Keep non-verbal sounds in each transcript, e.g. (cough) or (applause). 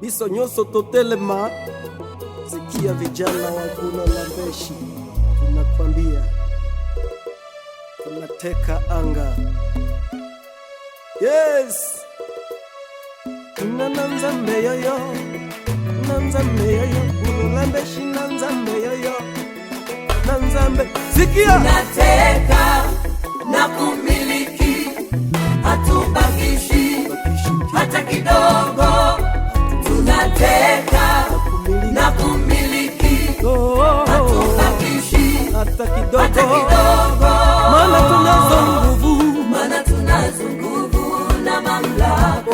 biso nyonso totelema. Sikia vijana wakuna Guna la Mbeshi, tunakwambia tunateka anga. Yes nananzambe yoyo nanzambe yoyo Guna la Mbeshi nanzambe yoyo nanzambe sikia nateka na lako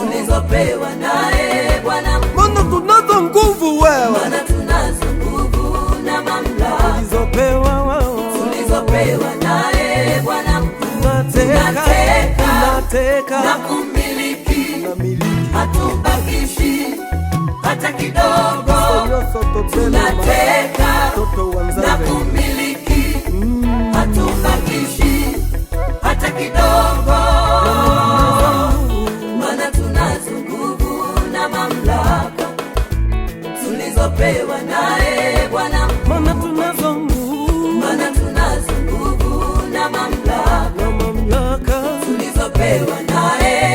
tulizopewa naye Bwana Mungu, tunazo nguvu wewe, maana tunazo nguvu na mamlaka tulizopewa wewe, tulizopewa naye Bwana Mungu, tunateka na kumiliki, hatubakishi hata kidogo, tunateka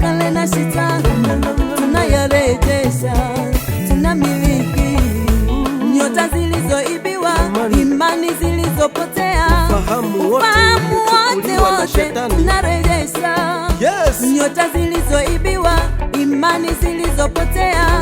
kale na sita tunayarejesha, tunamiliki nyota zilizoibiwa, imani zilizopotea, ufahamu wote wote tunarejesha, nyota zilizoibiwa, imani zilizopotea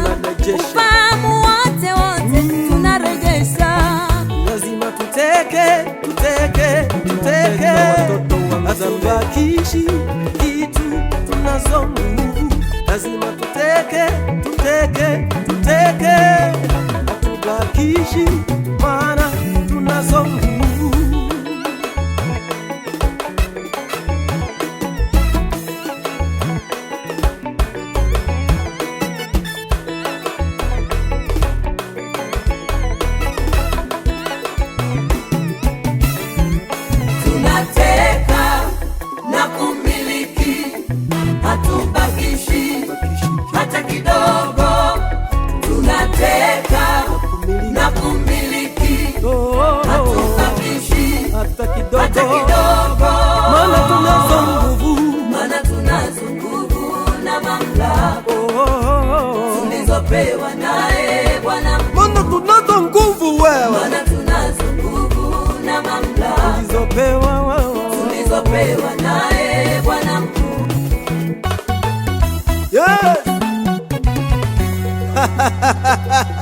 lazima tuteke tuteke tuteke, atublakishi tumepewa naye Bwana, maana tunazo nguvu wewe, maana tunazo nguvu na mamlaka tulizopewa wewe, tulizopewa naye Bwana mkuu. Yes (laughs)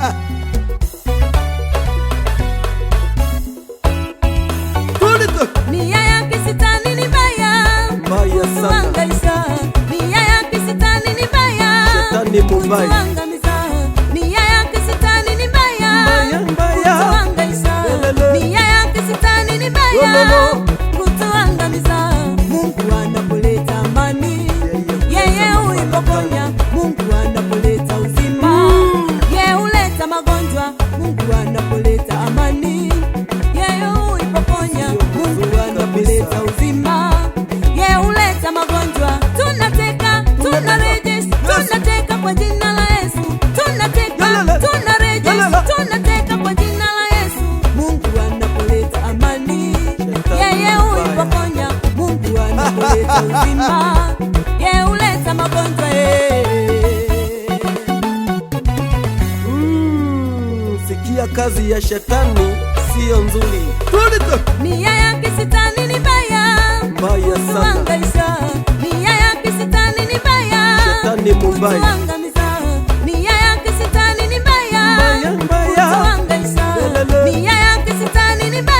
kupitia kazi ya shetani siyo nzuri. Nia yake kisitani ni baya, baya sana, nia yake kisitani ni baya, shetani mubaya mbaya mbaya, nia yake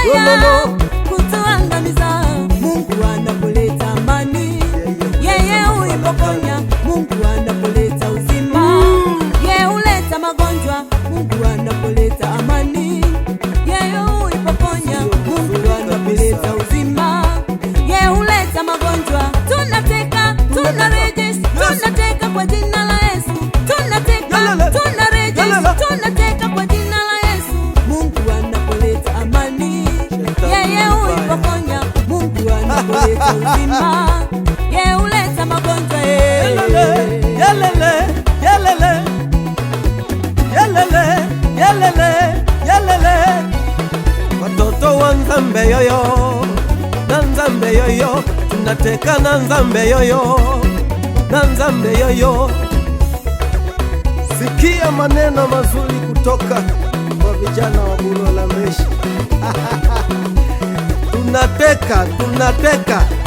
ni uzima yeuleta magonjwa watoto wa nzambe yoyo na nzambe yoyo tunateka na nzambe yoyo na nzambe yoyo sikia maneno mazuri kutoka kwa vijana wa Bulola Meshi (laughs) tunateka tunateka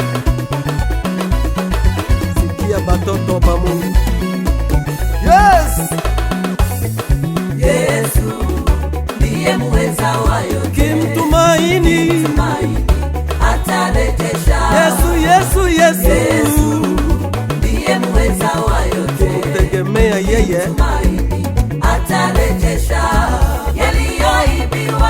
batoto ba Mungu. Yes! Yesu ndiye muweza wa Kimtumaini, atarejesha. Yesu, Yesu, Yesu. Yesu ndiye muweza wa yote. yeye. atarejesha yaliyoibiwa.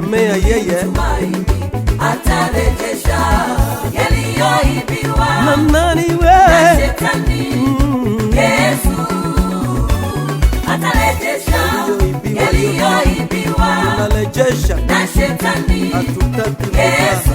kumtegemea yeye, atarejesha yaliyoibiwa na nani wewe, mm. Yesu atarejesha yaliyoibiwa na shetani, hatutaki